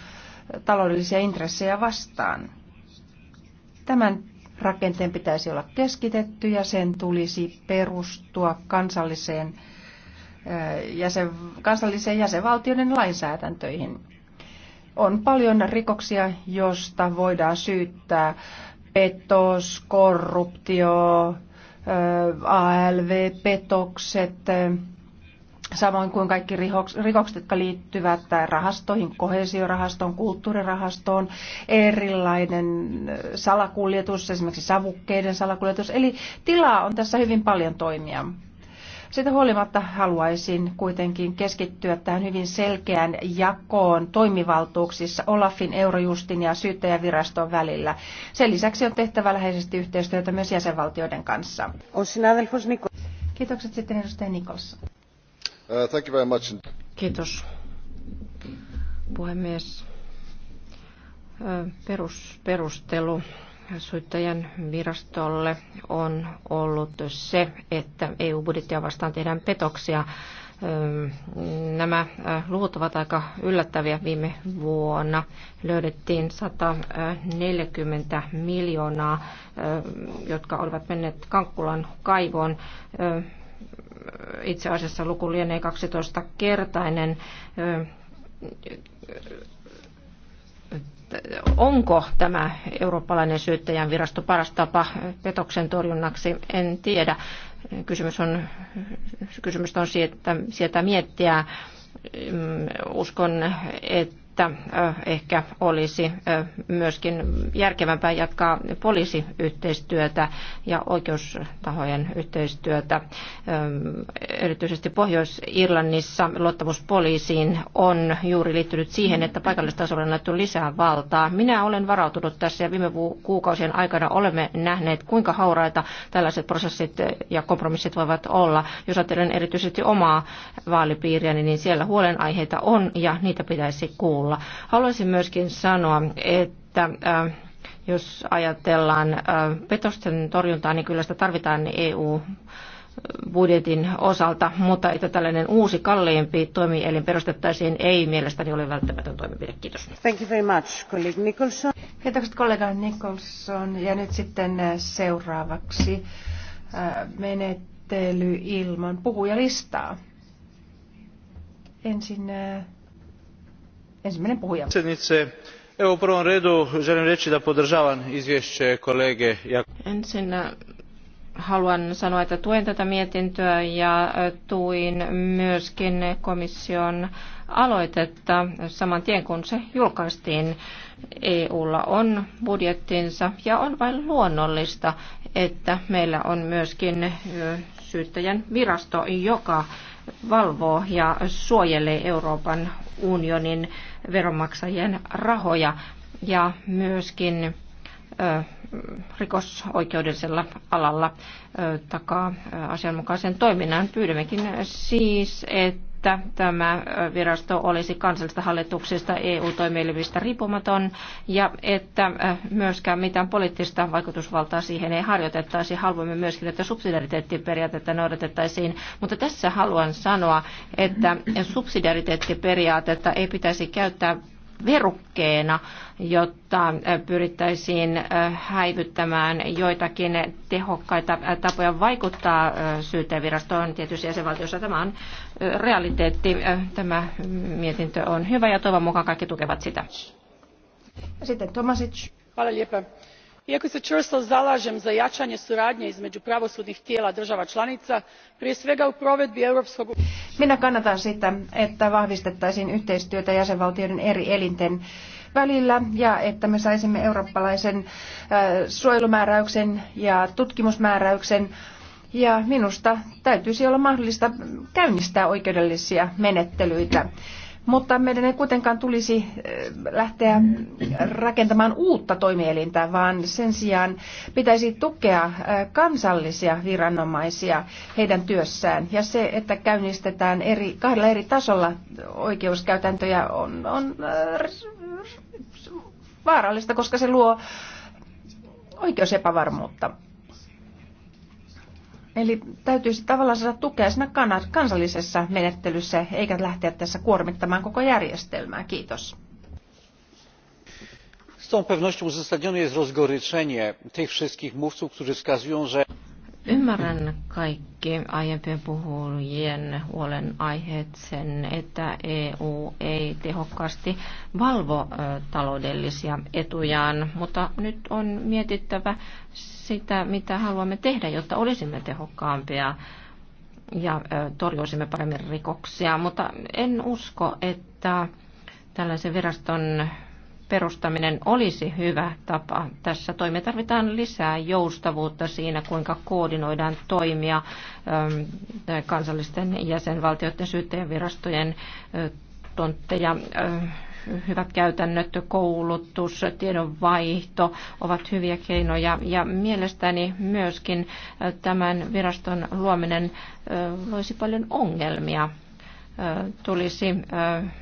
Speaker 3: taloudellisia intressejä vastaan. tämän rakenteen pitäisi olla keskitetty ja sen tulisi perustua kansalliseen, jäsen, kansalliseen jäsenvaltioiden lainsäädäntöihin. On paljon rikoksia, josta voidaan syyttää petos, korruptio, ALV-petokset, samoin kuin kaikki rikokset, jotka liittyvät rahastoihin, kohesiorahastoon, kulttuurirahastoon, erilainen äh, salakuljetus, esimerkiksi savukkeiden salakuljetus. Eli tilaa on tässä hyvin paljon toimia. Sitä huolimatta haluaisin kuitenkin keskittyä tähän hyvin selkeään jakoon toimivaltuuksissa Olafin, Eurojustin ja syyttäjäviraston välillä. Sen lisäksi on tehtävä läheisesti yhteistyötä myös jäsenvaltioiden kanssa. Kiitokset sitten edustaja Nikolson. Uh, arvoisa
Speaker 5: Kiitos puhemies. Uh, perustelu syyttäjän virastolle on ollut se, että EU-budjettia vastaan tehdään petoksia. Um, nämä uh, luvut ovat aika yllättäviä. Viime vuonna löydettiin 140 miljoonaa, jotka olivat menneet Kankkulan kaivoon itse asiassa luku lienee 12-kertainen. Onko tämä eurooppalainen syyttäjän virasto paras tapa petoksen torjunnaksi? En tiedä. Kysymys on, kysymys on siitä, sieltä miettiä. Uskon, että että ehkä olisi myöskin järkevämpää jatkaa poliisiyhteistyötä ja oikeustahojen yhteistyötä. Erityisesti Pohjois-Irlannissa luottamuspoliisiin on juuri liittynyt siihen, että paikallistasolla on annettu lisää valtaa. Minä olen varautunut tässä ja viime kuukausien aikana olemme nähneet, kuinka hauraita tällaiset prosessit ja kompromissit voivat olla. Jos ajattelen erityisesti omaa vaalipiiriäni, niin siellä huolenaiheita on ja niitä pitäisi kuulla avulla. Haluaisin myöskin sanoa, että äh, jos ajatellaan äh, petosten torjuntaa, niin kyllä sitä tarvitaan EU budjetin osalta, mutta että tällainen uusi kalliimpi toimielin perustettaisiin ei mielestäni ole välttämätön toimenpide. Kiitos.
Speaker 3: Thank you very much, colleague Nicholson. Kiitokset kollega Nicholson. Ja nyt sitten äh, seuraavaksi menettely ilman puhujalistaa. Ensin Ensimmäinen
Speaker 2: u prvom redu želim reći da podržavam izvješće kolege.
Speaker 5: Ensin eh, haluan sanoa, että tuen tätä mietintöä ja eh, tuin myöskin komission aloitetta saman tien kun se julkaistiin. EUlla on budjettinsa ja on vain luonnollista, että meillä on myöskin eh, syyttäjän virasto, joka valvoo ja suojelee Euroopan unionin veronmaksajien rahoja ja myöskin rikosoikeudellisella alalla takaa asianmukaisen toiminnan. Pyydämmekin siis, että että tämä virasto olisi kansallisista hallituksista EU-toimielimistä riippumaton ja että myöskään mitään poliittista vaikutusvaltaa siihen ei harjoitettaisi. Haluamme myöskin, että subsidiariteettiperiaatetta noudatettaisiin, mutta tässä haluan sanoa, että subsidiariteettiperiaatetta ei pitäisi käyttää verukkeena, jotta pyrittäisiin häivyttämään joitakin tehokkaita tapoja vaikuttaa syyteenvirastoon tietysti jäsenvaltiossa. Tämä on realiteetti. Tämä mietintö on hyvä ja toivon mukaan kaikki tukevat sitä.
Speaker 3: Sitten Tomasic. Hvala lijepa iako se vrsto zalaem
Speaker 4: za jaanje suradnje izmeu pravosudnih tijela drava lanica prije svega u provedbi europskog.
Speaker 3: minä kannatan sitä että vahvistettaisiin yhteistyötä jäsenvaltioiden eri elinten välillä ja että me saisimme eurooppalaisen äh, suojelumääräyksen ja tutkimusmääräyksen ja minusta täytyisi olla mahdollista käynnistää oikeudellisia menettelyitä. Mutta meidän ei kuitenkaan tulisi eh, lähteä rakentamaan uutta toimielintä, vaan sen sijaan pitäisi tukea eh, kansallisia viranomaisia heidän työssään. Ja se, että käynnistetään eri, kahdella eri tasolla oikeuskäytäntöjä on, on
Speaker 5: eh,
Speaker 3: vaarallista, koska se luo oikeusepävarmuutta. Eli täytyisi tavallaan saada tukea siinä kansallisessa menettelyssä, eikä lähteä tässä kuormittamaan koko järjestelmää. Kiitos.
Speaker 2: Z tą pewnością uzasadnione jest rozgoryczenie tych wszystkich mówców, którzy wskazują, że
Speaker 5: Ymmärrän kaikki aiempien puhujien huolen aiheet sen, että EU ei tehokkaasti valvo taloudellisia etujaan, mutta nyt on mietittävä sitä, mitä haluamme tehdä, jotta olisimme tehokkaampia ja torjuisimme paremmin rikoksia. Mutta en usko, että tällaisen viraston perustaminen olisi hyvä tapa tässä toimia. Tarvitaan lisää joustavuutta siinä, kuinka koordinoidaan toimia ähm, kansallisten jäsenvaltioiden syyttäjänvirastojen äh, tontteja äh, hyvät käytännöt, koulutus, tiedonvaihto ovat hyviä keinoja. Ja mielestäni myöskin äh, tämän viraston luominen loisi paljon ongelmia tulisi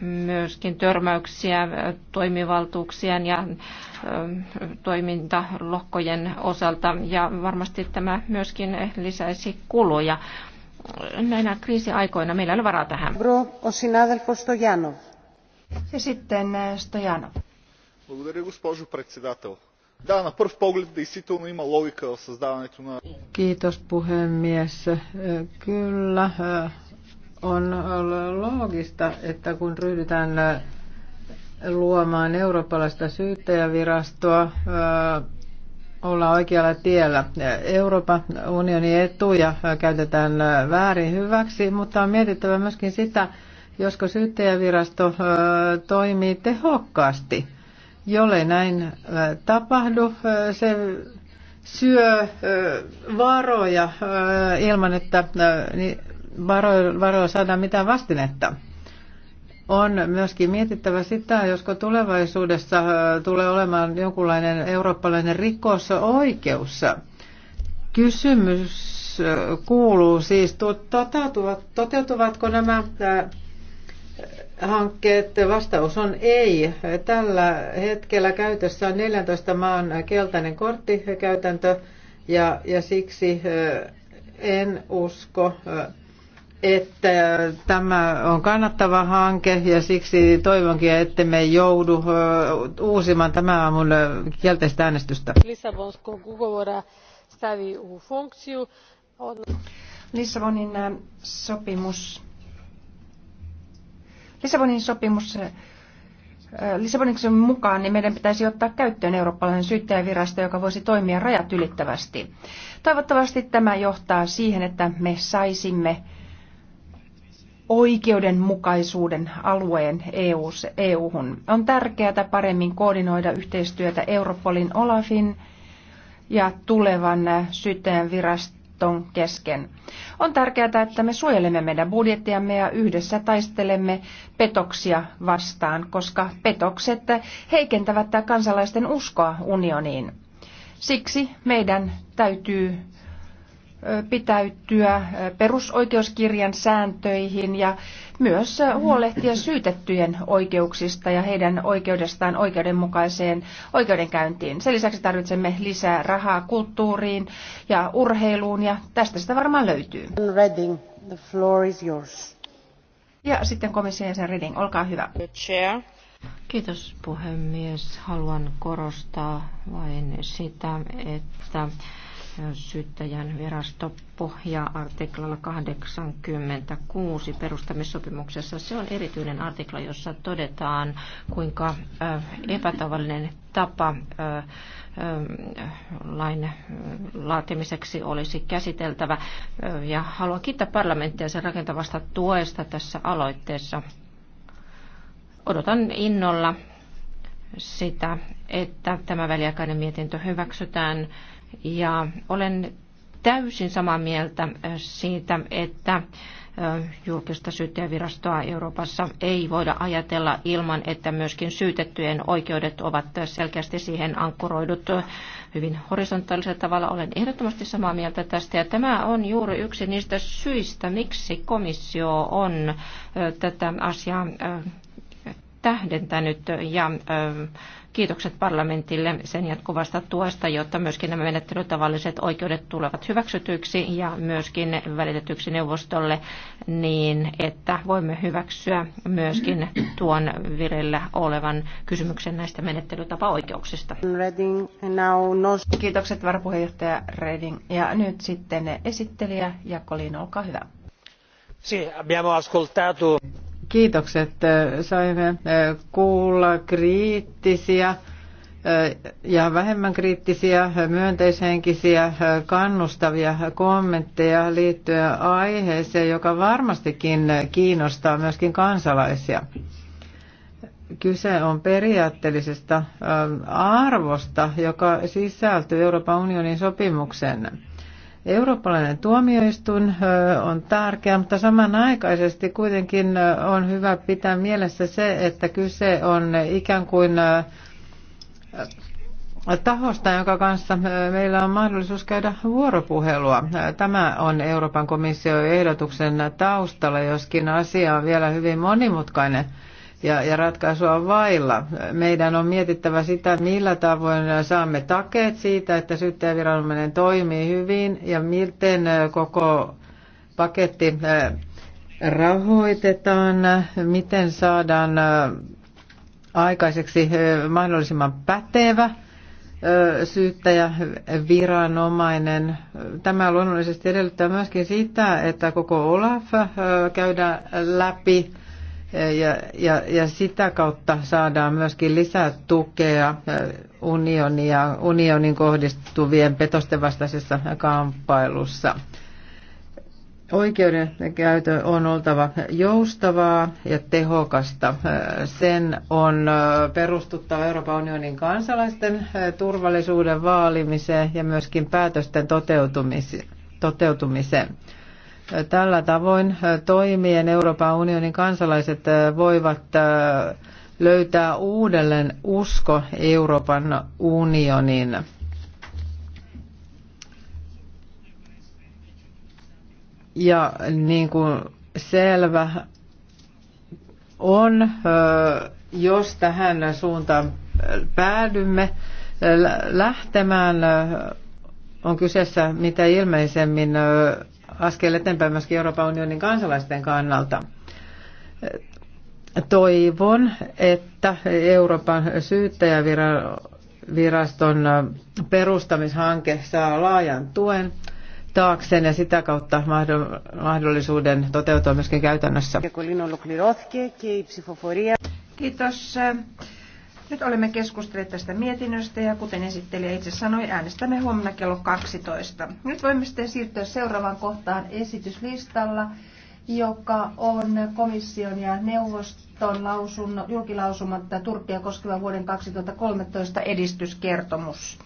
Speaker 5: myöskin törmäyksiä toimivaltuuksien ja toimintalohkojen osalta ja varmasti tämä myöskin lisäisi kuluja. Näinä kriisiaikoina meillä on varaa tähän.
Speaker 3: Ja sitten Stojanov.
Speaker 4: Kiitos puhemies. Kyllä, on loogista, että kun ryhdytään luomaan eurooppalaista syyttäjävirastoa, ollaan oikealla tiellä. Euroopan unionin etuja käytetään väärin hyväksi, mutta on mietittävä myöskin sitä, josko syyttäjävirasto toimii tehokkaasti. Jollei näin tapahdu, se syö varoja ilman, että varoilla saada mitään vastinetta. On myöskin mietittävä sitä, josko tulevaisuudessa tulee olemaan jonkunlainen eurooppalainen oikeus. Kysymys kuuluu siis, toteutuvatko nämä hankkeet? Vastaus on ei. Tällä hetkellä käytössä on 14 maan keltainen korttikäytäntö ja, ja siksi en usko, että tämä on kannattava hanke ja siksi toivonkin, että me joudu uusimaan tämän aamun kielteistä äänestystä.
Speaker 1: Lissabonskog ugovora Lissabonin
Speaker 3: sopimus. Lissabonin sopimus Lissabonin mukaan niin meidän pitäisi ottaa käyttöön eurooppalainen syyttäjävirasto, joka voisi toimia rajat ylittävästi. Toivottavasti tämä johtaa siihen, että me saisimme oikeudenmukaisuuden alueen EU-hun. On tärkeää paremmin koordinoida yhteistyötä Europolin, Olafin ja tulevan syyttäjän viraston kesken. On tärkeää, että me suojelemme meidän budjettiamme ja yhdessä taistelemme petoksia vastaan, koska petokset heikentävät kansalaisten uskoa unioniin. Siksi meidän täytyy pitäytyä perusoikeuskirjan sääntöihin ja myös huolehtia syytettyjen oikeuksista ja heidän oikeudestaan oikeudenmukaiseen oikeudenkäyntiin. Sen lisäksi tarvitsemme lisää rahaa kulttuuriin ja urheiluun ja tästä sitä varmaan löytyy. Reading, the floor is yours. Ja sitten komission jäsen Reding, olkaa hyvä. Chair.
Speaker 5: Kiitos puhemies. Haluan korostaa vain sitä, että syyttäjän virasto pohjaa artiklalla 86 perustamissopimuksessa. Se on erityinen artikla, jossa todetaan, kuinka äh, epätavallinen tapa äh, äh, lain laatimiseksi olisi käsiteltävä. Ja haluan kiittää parlamenttia sen rakentavasta tuesta tässä aloitteessa. Odotan innolla sitä, että tämä väliaikainen mietintö hyväksytään ja olen täysin samaa mieltä äh, siitä, että äh, julkista syyttäjävirastoa Euroopassa ei voida ajatella ilman, että myöskin syytettyjen oikeudet ovat selkeästi siihen ankkuroidut hyvin horisontaalisella tavalla. Olen ehdottomasti samaa mieltä tästä ja tämä on juuri yksi niistä syistä, miksi komissio on äh, tätä asiaa tähdentänyt ja Kiitokset parlamentille sen jatkuvasta tuesta, jotta myöskin nämä menettelytavalliset oikeudet tulevat hyväksytyksi ja myöskin välitetyksi neuvostolle niin, että voimme hyväksyä myöskin tuon vireillä olevan kysymyksen näistä menettelytapaoikeuksista. now Kiitokset varapuheenjohtaja
Speaker 3: Reding. Ja nyt sitten esittelijä Jakolin, olkaa hyvä.
Speaker 4: Sì, abbiamo ascoltato Kiitokset. Saimme eh, kuulla kriittisiä eh, ja vähemmän kriittisiä, myönteishenkisiä, eh, kannustavia kommentteja liittyen aiheeseen, joka varmastikin kiinnostaa myöskin kansalaisia. Kyse on periaatteellisesta arvosta, joka sisältyy Euroopan unionin sopimukseen. Eurooppalainen tuomioistuin on tärkeä, mutta samanaikaisesti kuitenkin on hyvä pitää mielessä se, että kyse on ikään kuin tahosta, jonka kanssa meillä on mahdollisuus käydä vuoropuhelua. Tämä on Euroopan komission ehdotuksen taustalla, joskin asia on vielä hyvin monimutkainen ja, ja ratkaisua vailla. Meidän on mietittävä sitä, millä tavoin saamme takeet siitä, että syyttäjäviranomainen toimii hyvin ja miten koko paketti rahoitetaan, miten saadaan aikaiseksi mahdollisimman pätevä syyttäjä, viranomainen. Tämä luonnollisesti edellyttää myöskin sitä, että koko OLAF käydään läpi ja, ja, ja sitä kautta saadaan myöskin lisää tukea unionia, unionin kohdistuvien petosten vastaisessa kamppailussa. Oikeuden käytö on oltava joustavaa ja tehokasta. Sen on perustuttava Euroopan unionin kansalaisten turvallisuuden vaalimiseen ja myöskin päätösten toteutumiseen. Tällä tavoin toimien Euroopan unionin kansalaiset voivat löytää uudelleen usko Euroopan unionin. Ja niin kuin selvä on, jos tähän suuntaan päädymme lähtemään, on kyseessä mitä ilmeisemmin askel eteenpäin myöskin Euroopan unionin kansalaisten kannalta. Toivon, että Euroopan syyttäjäviraston perustamishanke saa laajan tuen taakseen ja sitä kautta mahdollisuuden toteutua myöskin käytännössä.
Speaker 3: Kiitos. Nyt olemme keskustelleet tästä mietinnöstä ja kuten esittelijä itse sanoi, äänestämme huomenna kello 12. Nyt voimme sitten siirtyä seuraavaan kohtaan esityslistalla, joka on komission ja neuvoston lausunno, julkilausumatta Turkia koskeva vuoden 2013 edistyskertomus.